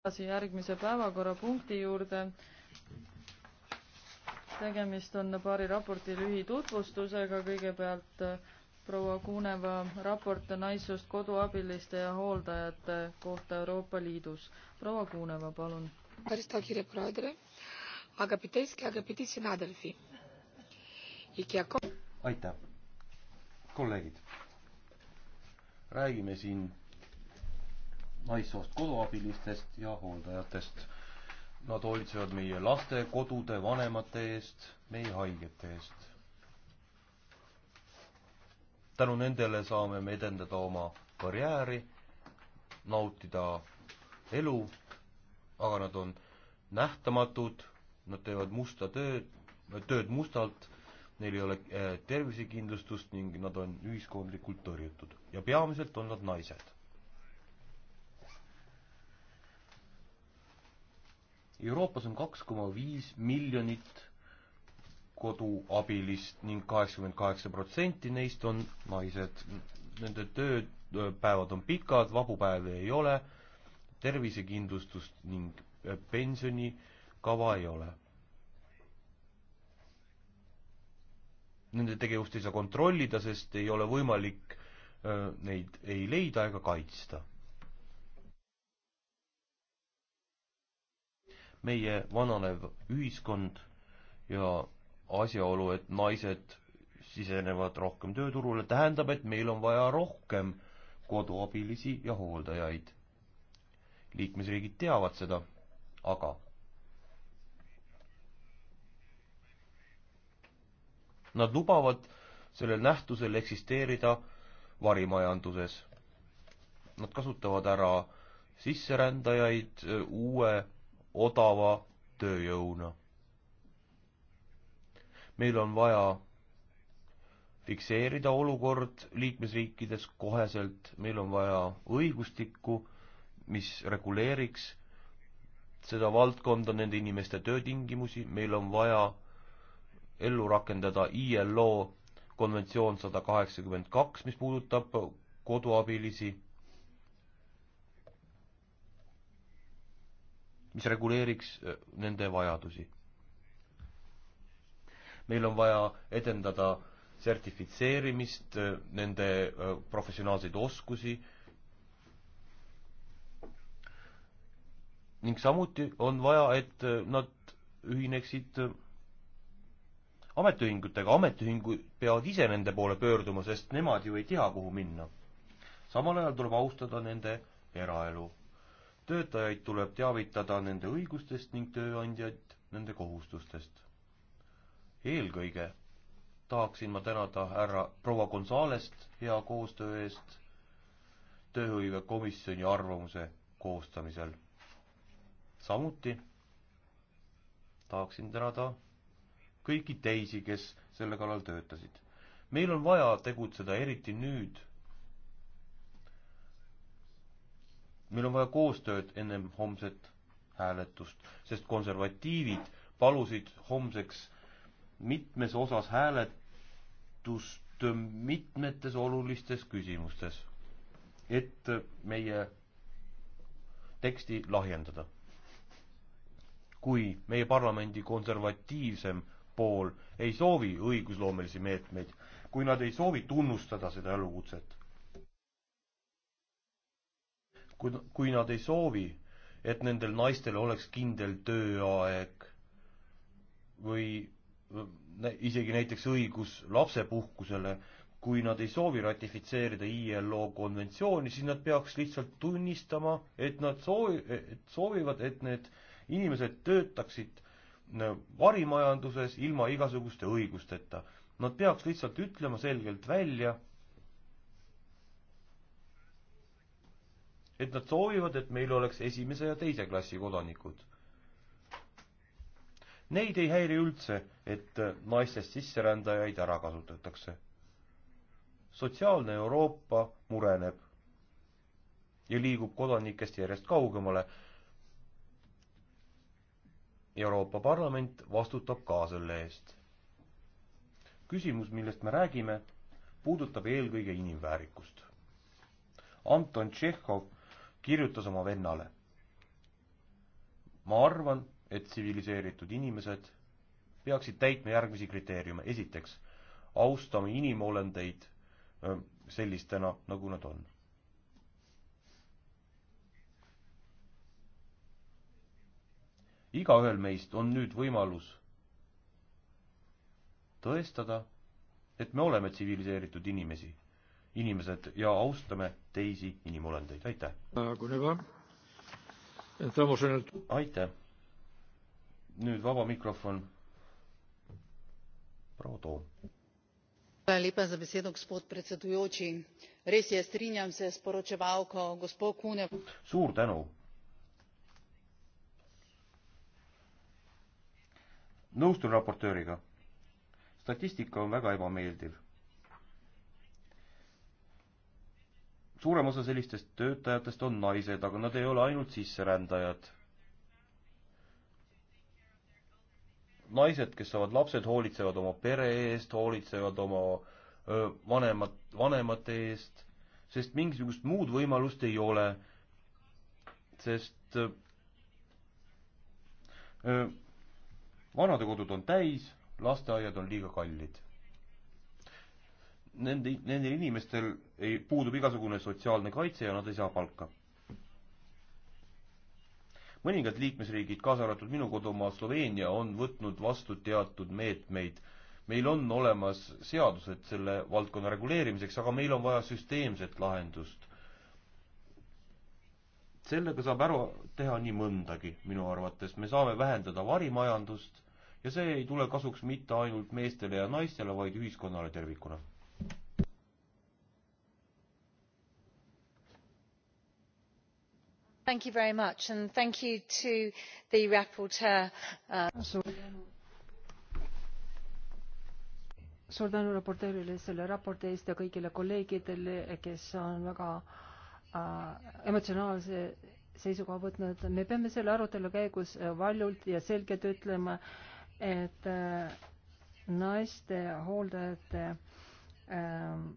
edasi järgmise päevakorrapunkti juurde. tegemist on paari raporti lühitutvustusega, kõigepealt äh, proua Kuneva raport naissoost koduabiliste ja hooldajate kohta Euroopa Liidus. proua Kuneva, palun. aitäh, kolleegid. räägime siin naissoost koduabilistest ja hooldajatest. Nad hoolitsevad meie laste, kodude, vanemate eest, meie haigete eest. tänu nendele saame me edendada oma karjääri, nautida elu, aga nad on nähtamatud, nad teevad musta tööd, tööd mustalt, neil ei ole eh, tervisekindlustust ning nad on ühiskondlikult tõrjutud ja peamiselt on nad naised Euroopas on kaks koma viis miljonit koduabilist ning kaheksakümmend kaheksa protsenti neist on naised. Nende tööpäevad on pikad, vabu päevi ei ole, tervisekindlustust ning äh, pensionikava ei ole. Nende tegevust ei saa kontrollida, sest ei ole võimalik äh, neid ei leida ega kaitsta meie vananev ühiskond ja asjaolu, et naised sisenevad rohkem tööturule, tähendab, et meil on vaja rohkem koduabilisi ja hooldajaid. liikmesriigid teavad seda, aga nad lubavad sellel nähtusel eksisteerida varimajanduses. Nad kasutavad ära sisserändajaid, uue odava tööjõuna. meil on vaja fikseerida olukord liikmesriikides koheselt, meil on vaja õigustikku, mis reguleeriks seda valdkonda, nende inimeste töötingimusi, meil on vaja ellu rakendada ILO konventsioon sada kaheksakümmend kaks, mis puudutab koduabilisi mis reguleeriks äh, nende vajadusi. meil on vaja edendada sertifitseerimist, äh, nende äh, professionaalseid oskusi ning samuti on vaja, et nad ühineksid ametiühingutega, ametiühingud peavad ise nende poole pöörduma, sest nemad ju ei tea, kuhu minna. samal ajal tuleb austada nende eraelu töötajaid tuleb teavitada nende õigustest ning tööandjaid nende kohustustest. eelkõige tahaksin ma tänada härra proua Gonzalest hea koostöö eest tööhõivekomisjoni arvamuse koostamisel. samuti tahaksin tänada kõiki teisi, kes selle kallal töötasid. meil on vaja tegutseda, eriti nüüd meil on vaja koostööd ennem homset hääletust, sest konservatiivid palusid homseks mitmes osas hääletust mitmetes olulistes küsimustes, et meie teksti lahjendada. kui meie parlamendi konservatiivsem pool ei soovi õigusloomelisi meetmeid, kui nad ei soovi tunnustada seda elukutset, kui, kui nad ei soovi, et nendel naistel oleks kindel tööaeg või isegi näiteks õigus lapsepuhkusele, kui nad ei soovi ratifitseerida ILO konventsiooni, siis nad peaks lihtsalt tunnistama, et nad soovi-, et soovivad, et need inimesed töötaksid varimajanduses ilma igasuguste õigusteta. Nad peaks lihtsalt ütlema selgelt välja, et nad soovivad, et meil oleks esimese ja teise klassi kodanikud. Neid ei häiri üldse, et äh, naistest sisserändajaid ära kasutatakse. sotsiaalne Euroopa mureneb ja liigub kodanikest järjest kaugemale. Euroopa Parlament vastutab ka selle eest. küsimus, millest me räägime, puudutab eelkõige inimväärikust. Anton Tšehhov kirjutas oma vennale. ma arvan, et tsiviliseeritud inimesed peaksid täitma järgmisi kriteeriume. esiteks, austame inimolendeid sellistena, nagu nad on. igaühel meist on nüüd võimalus tõestada, et me oleme tsiviliseeritud inimesi inimesed ja austame teisi inimolendeid, aitäh! aitäh! nüüd vaba mikrofon. proua Toom. res je strinjam se s poročevalko gospo kunev. suur tänu! nõustun raportööriga. statistika on väga ebameeldiv suurem osa sellistest töötajatest on naised, aga nad ei ole ainult sisserändajad. naised, kes saavad lapsed, hoolitsevad oma pere eest, hoolitsevad oma öö, vanemad, vanemate eest, sest mingisugust muud võimalust ei ole. sest öö, vanadekodud on täis, lasteaiad on liiga kallid nende, nendel inimestel ei, puudub igasugune sotsiaalne kaitse ja nad ei saa palka. mõningad liikmesriigid, kaasa arvatud minu kodumaa Sloveenia, on võtnud vastu teatud meetmeid. meil on olemas seadused selle valdkonna reguleerimiseks, aga meil on vaja süsteemset lahendust. sellega saab ära teha nii mõndagi, minu arvates, me saame vähendada varimajandust ja see ei tule kasuks mitte ainult meestele ja naistele, vaid ühiskonnale tervikuna thank you very much and thank you to the raporteur uh... suur tänu raportöörile selle raporti eest ja kõigile kolleegidele, kes on väga äh, emotsionaalse seisukoha võtnud. me peame selle arutelu käigus äh, valjult ja selgelt ütlema, et äh, naiste hooldajate äh,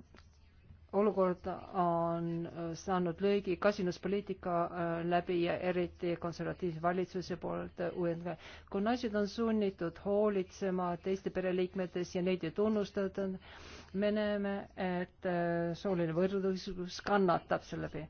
olukord on äh, saanud löögi kasinuspoliitika äh, läbi ja eriti konservatiivse valitsuse poolt äh, uuendada. kui naised on sunnitud hoolitsema teiste pereliikmetes ja neid ei tunnustata, me näeme, et sooline võrdõiguslikkus kannatab selle läbi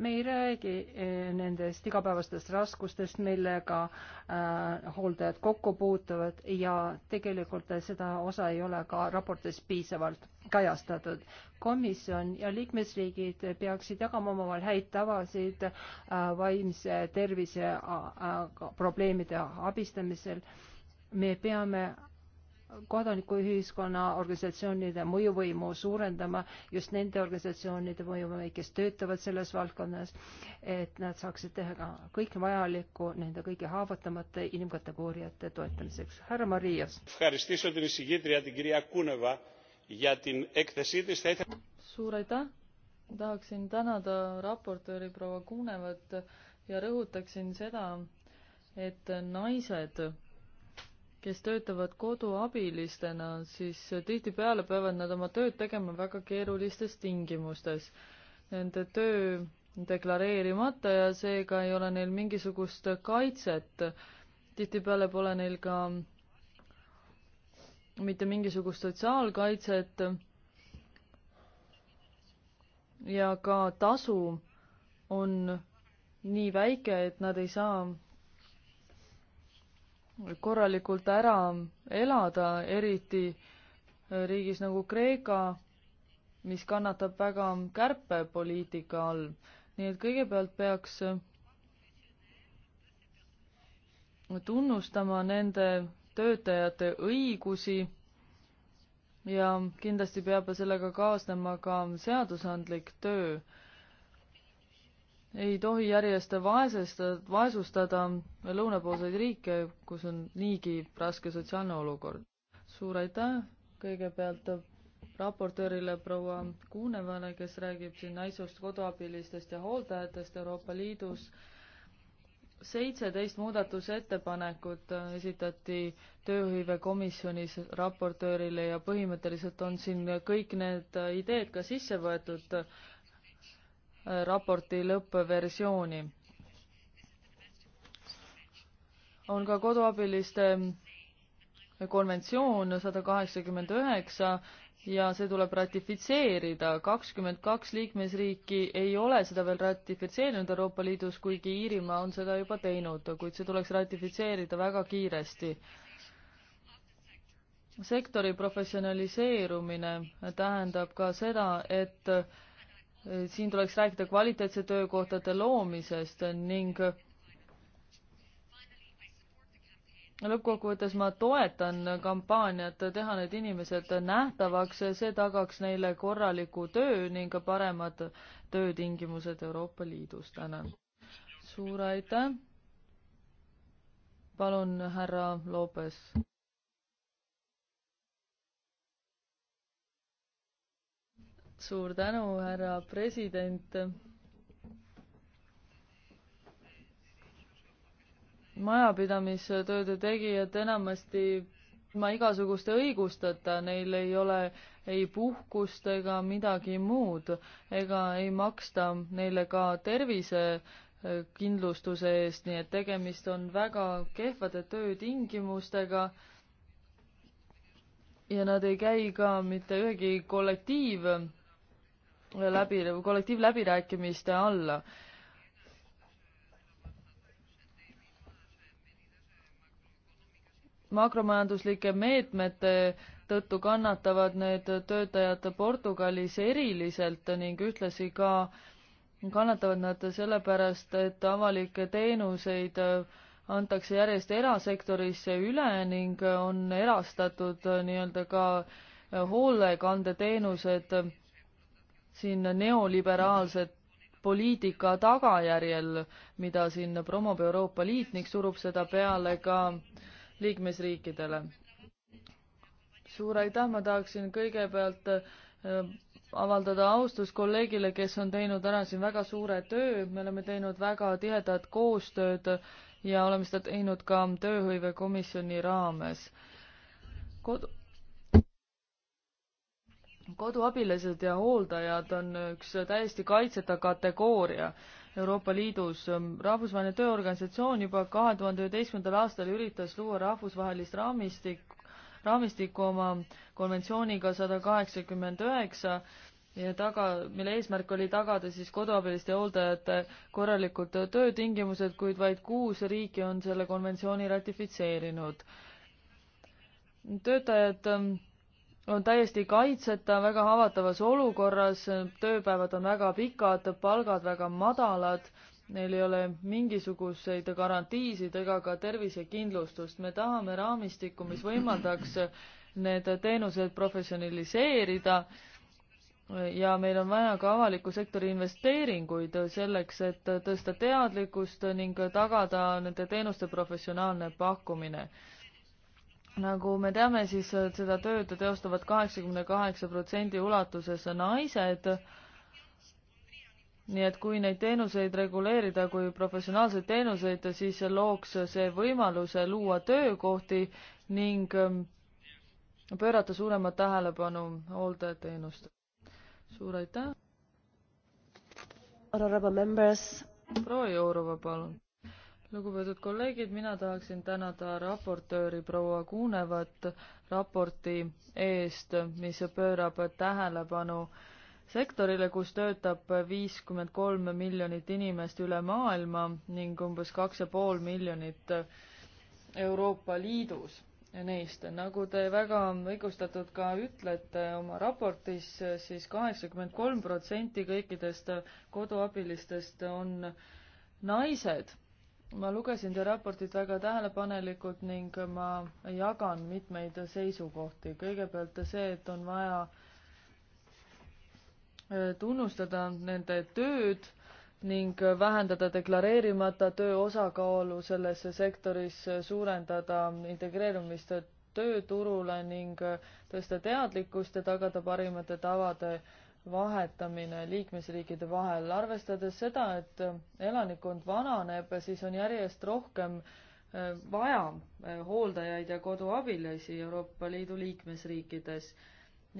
me ei räägi eh, nendest igapäevastest raskustest, millega äh, hooldajad kokku puutuvad ja tegelikult seda osa ei ole ka raportis piisavalt kajastatud. komisjon ja liikmesriigid peaksid jagama omavahel häid tavasid äh, vaimse tervise äh, probleemide abistamisel. me peame kodanikuühiskonna organisatsioonide mõjuvõimu suurendama, just nende organisatsioonide mõjuvõimu, kes töötavad selles valdkonnas, et nad saaksid teha ka kõik vajalikku nende kõige haavatavamate inimkategooriate toetamiseks. härra Marias. suur aitäh, tahaksin tänada raportööri proua Kunevat ja rõhutaksin seda, et naised kes töötavad koduabilistena, siis tihtipeale peavad nad oma tööd tegema väga keerulistes tingimustes. Nende töö deklareerimata ja seega ei ole neil mingisugust kaitset. tihtipeale pole neil ka mitte mingisugust sotsiaalkaitset ja ka tasu on nii väike, et nad ei saa korralikult ära elada, eriti riigis nagu Kreeka, mis kannatab väga kärpepoliitika all. nii et kõigepealt peaks tunnustama nende töötajate õigusi ja kindlasti peab sellega kaasnema ka seadusandlik töö ei tohi järjest vaesest, vaesustada lõunapoolseid riike, kus on niigi raske sotsiaalne olukord. suur aitäh kõigepealt raportöörile proua Kuunevale, kes räägib siin naisest koduabilistest ja hooldajatest Euroopa Liidus. seitseteist muudatusettepanekut esitati tööhõivekomisjonis raportöörile ja põhimõtteliselt on siin kõik need ideed ka sisse võetud raporti lõppversiooni. on ka koduabiliste konventsioon sada kaheksakümmend üheksa ja see tuleb ratifitseerida. kakskümmend kaks liikmesriiki ei ole seda veel ratifitseerinud Euroopa Liidus, kuigi Iirimaa on seda juba teinud, kuid see tuleks ratifitseerida väga kiiresti. sektori professionaliseerumine tähendab ka seda, et siin tuleks rääkida kvaliteetse töökohtade loomisest ning lõppkokkuvõttes ma toetan kampaaniat teha need inimesed nähtavaks, see tagaks neile korraliku töö ning paremad töötingimused Euroopa Liidus. tänan. suur aitäh. palun, härra Lopes. suur tänu, härra president. majapidamistööde tegijad enamasti ilma igasuguste õigusteta, neil ei ole ei puhkust ega midagi muud ega ei maksta neile ka tervisekindlustuse eh, eest, nii et tegemist on väga kehvade töötingimustega. ja nad ei käi ka mitte ühegi kollektiiv läbi, kollektiivläbirääkimiste alla. makromajanduslike meetmete tõttu kannatavad need töötajad Portugalis eriliselt ning ühtlasi ka kannatavad nad sellepärast, et avalikke teenuseid antakse järjest erasektorisse üle ning on erastatud nii-öelda ka hoolekandeteenused siin neoliberaalset poliitika tagajärjel, mida siin promob Euroopa Liit ning surub seda peale ka liikmesriikidele. suur aitäh, ma tahaksin kõigepealt äh, avaldada austust kolleegile, kes on teinud ära siin väga suure töö, me oleme teinud väga tihedat koostööd ja oleme seda teinud ka tööhõivekomisjoni raames. kod-, koduabilised ja hooldajad on üks täiesti kaitseta kategooria Euroopa Liidus. rahvusvaheline Tööorganisatsioon juba kahe tuhande üheteistkümnendal aastal üritas luua rahvusvahelist raamistik, raamistikku oma konventsiooniga sada kaheksakümmend üheksa, ja taga, mille eesmärk oli tagada siis koduabiliste hooldajate korralikud töötingimused, kuid vaid kuus riiki on selle konventsiooni ratifitseerinud. töötajad on täiesti kaitseta, väga haavatavas olukorras, tööpäevad on väga pikad, palgad väga madalad, neil ei ole mingisuguseid garantiisid ega ka tervisekindlustust. me tahame raamistikku, mis võimaldaks need teenused professionaliseerida ja meil on vaja ka avaliku sektori investeeringuid selleks, et tõsta teadlikkust ning tagada nende teenuste professionaalne pakkumine nagu me teame, siis äh, seda tööd teostavad kaheksakümne kaheksa protsendi ulatuses naised. nii et kui neid teenuseid reguleerida kui professionaalseid teenuseid, siis looks see võimaluse luua töökohti ning ähm, pöörata suuremat tähelepanu hooldajateenustele. suur aitäh! proua Jourova, palun! lugupeetud kolleegid, mina tahaksin tänada raportööri proua Kuunevat raporti eest, mis pöörab tähelepanu sektorile, kus töötab viiskümmend kolm miljonit inimest üle maailma ning umbes kaks ja pool miljonit Euroopa Liidus neist. nagu te väga õigustatud ka ütlete oma raportis siis, siis kaheksakümmend kolm protsenti kõikidest koduabilistest on naised ma lugesin teie raportit väga tähelepanelikult ning ma jagan mitmeid seisukohti. kõigepealt see, et on vaja äh, tunnustada nende tööd ning vähendada deklareerimata töö osakaalu selles sektoris, suurendada integreerumist tööturule ning tõsta teadlikkust ja tagada parimate tavade äh, vahetamine liikmesriikide vahel, arvestades seda, et elanikkond vananeb, siis on järjest rohkem äh, vaja äh, hooldajaid ja koduabilisi Euroopa Liidu liikmesriikides.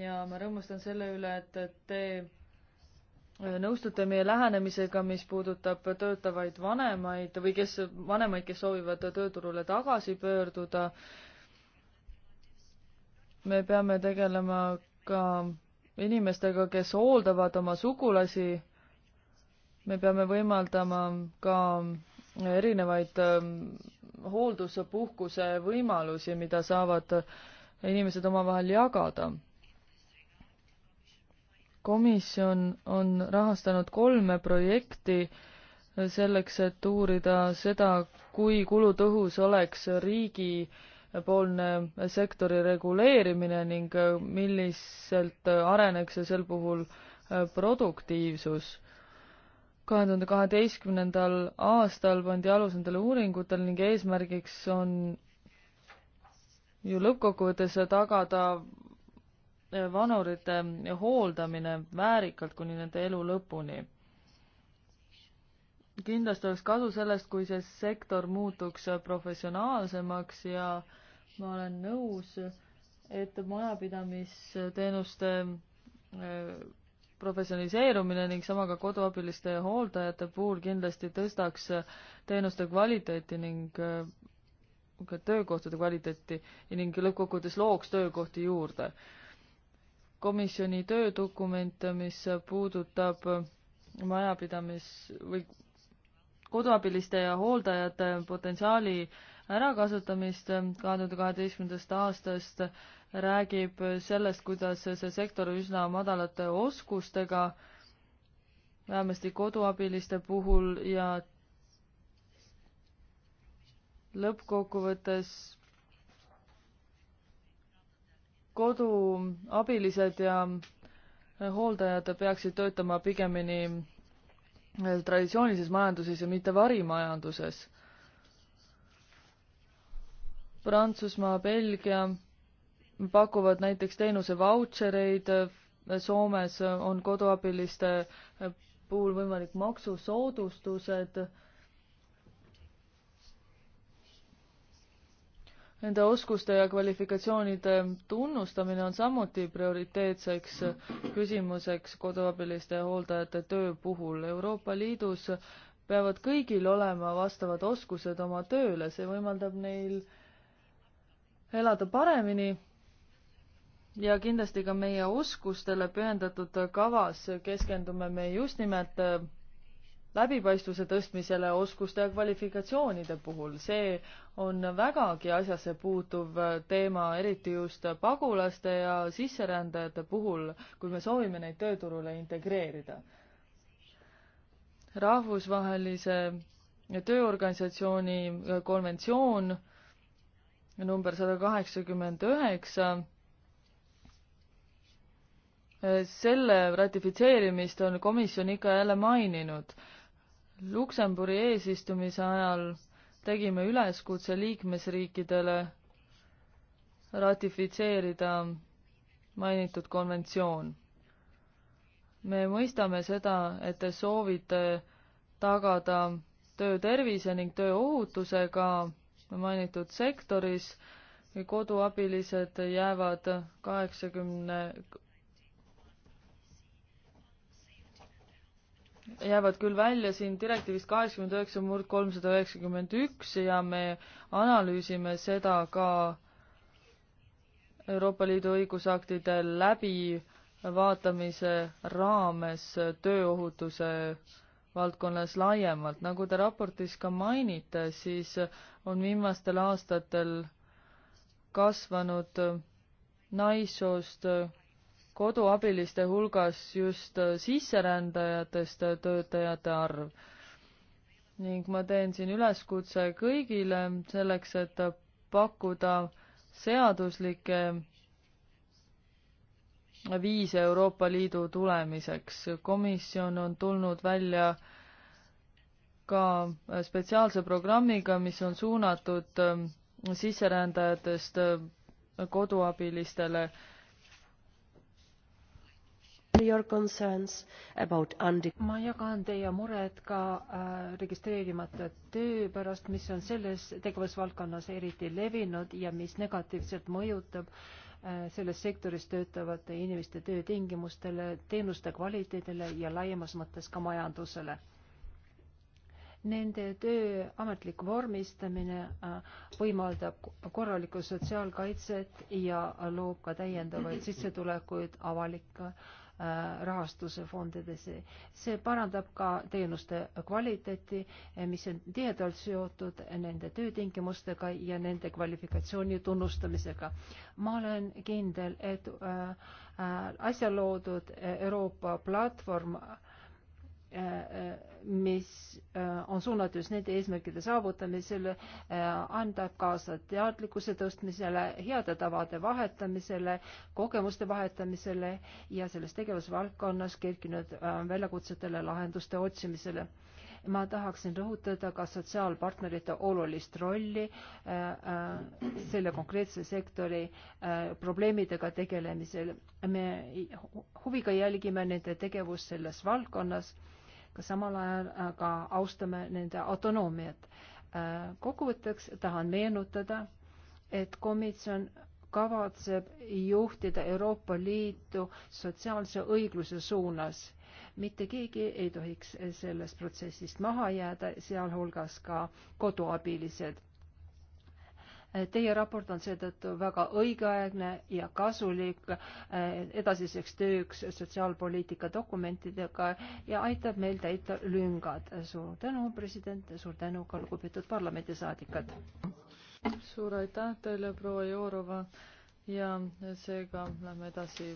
ja ma rõõmustan selle üle, et, et te äh, nõustute meie lähenemisega, mis puudutab töötavaid vanemaid või kes, vanemaid, kes soovivad tööturule tagasi pöörduda. me peame tegelema ka inimestega, kes hooldavad oma sugulasi. me peame võimaldama ka erinevaid ähm, hoolduspuhkuse võimalusi, mida saavad inimesed omavahel jagada. komisjon on rahastanud kolme projekti selleks, et uurida seda, kui kulutõhus oleks riigi äh, poolne sektori reguleerimine ning äh, milliselt äh, areneks sel puhul äh, produktiivsus. kahe tuhande kaheteistkümnendal aastal pandi alus nendele uuringutele ning eesmärgiks on ju lõppkokkuvõttes tagada vanurite hooldamine väärikalt kuni nende elu lõpuni kindlasti oleks kasu sellest, kui see sektor muutuks professionaalsemaks ja ma olen nõus, et majapidamisteenuste äh, professionaliseerumine ning sama ka koduabiliste ja hooldajate puhul kindlasti tõstaks teenuste kvaliteeti ning äh, ka töökohtade kvaliteeti ning lõppkokkuvõttes looks töökohti juurde. komisjoni töödokument, mis puudutab majapidamis- või koduabiliste ja hooldajate potentsiaali äh, ärakasutamist kahe tuhande kaheteistkümnendast aastast räägib sellest, kuidas see sektor üsna madalate oskustega, vähemasti koduabiliste puhul ja lõppkokkuvõttes koduabilised ja hooldajad peaksid töötama pigemini traditsioonilises majanduses ja mitte varimajanduses Prantsusmaa, Belgia pakuvad näiteks teenuse vautšereid, Soomes on koduabiliste puhul võimalik maksusoodustused. Nende oskuste ja kvalifikatsioonide tunnustamine on samuti prioriteetseks küsimuseks koduabiliste ja hooldajate töö puhul. Euroopa Liidus peavad kõigil olema vastavad oskused oma tööle, see võimaldab neil äh, elada paremini ja kindlasti ka meie oskustele pühendatud kavas keskendume me just nimelt äh, läbipaistvuse tõstmisele oskuste ja kvalifikatsioonide puhul. see on vägagi asjasse puutuv teema, eriti just pagulaste ja sisserändajate puhul, kui me soovime neid tööturule integreerida. rahvusvahelise tööorganisatsiooni konventsioon number sada kaheksakümmend üheksa. Äh, selle ratifitseerimist on komisjon ikka jälle maininud. Luksemburi eesistumise ajal tegime üleskutse liikmesriikidele ratifitseerida mainitud konventsioon. me mõistame seda, et te soovite tagada töötervise ning tööohutusega mainitud sektoris. koduabilised jäävad kaheksakümne, jäävad küll välja siin direktiivist kaheksakümmend üheksa murd kolmsada üheksakümmend üks ja me analüüsime seda ka Euroopa Liidu õigusaktide läbivaatamise raames tööohutuse äh, valdkonnas laiemalt. nagu te raportis ka mainite, siis on viimastel aastatel kasvanud naissoost koduabiliste hulgas just sisserändajatest töötajate arv. ning ma teen siin üleskutse kõigile selleks, et pakkuda seaduslikke viis Euroopa Liidu tulemiseks. komisjon on tulnud välja ka spetsiaalse programmiga, mis on suunatud ähm, sisserändajatest äh, koduabilistele. ma jagan teie muret ka äh, registreerimata töö pärast, mis on selles tegevusvaldkonnas eriti levinud ja mis negatiivselt mõjutab äh, Äh, selles sektoris töötavate inimeste töötingimustele, teenuste kvaliteedile ja laiemas mõttes ka majandusele. Nende töö ametlik vormistamine äh, võimaldab korralikku sotsiaalkaitset ja loob ka täiendavaid sissetulekuid avalike äh, Äh, rahastuse fondidesse. see parandab ka teenuste kvaliteeti, äh, mis on tihedalt seotud nende töötingimustega ja nende kvalifikatsiooni tunnustamisega. ma olen kindel, et äh, asja loodud Euroopa platvorm mis äh, on suunatud just nende eesmärkide saavutamisele, äh, andab kaasa teadlikkuse tõstmisele, heade tavade vahetamisele, kogemuste vahetamisele ja selles tegevusvaldkonnas kerkinud äh, väljakutsetele lahenduste otsimisele. ma tahaksin rõhutada ka sotsiaalpartnerite olulist rolli selle konkreetse sektori probleemidega tegelemisel. me huviga jälgime nende tegevust selles valdkonnas aga samal ajal ka austame nende autonoomiat. kokkuvõtteks tahan meenutada, et komisjon kavatseb juhtida Euroopa Liitu sotsiaalse õigluse suunas. mitte keegi ei tohiks sellest protsessist maha jääda, sealhulgas ka koduabilised Eh, teie raport on seetõttu väga õigeaegne ja kasulik eh, edasiseks tööks sotsiaalpoliitika dokumentidega ja aitab meil täita lüngad. suur tänu, president, suur tänu ka lugupeetud parlamendisaadikud. suur aitäh teile, proua Jourova ja seega lähme edasi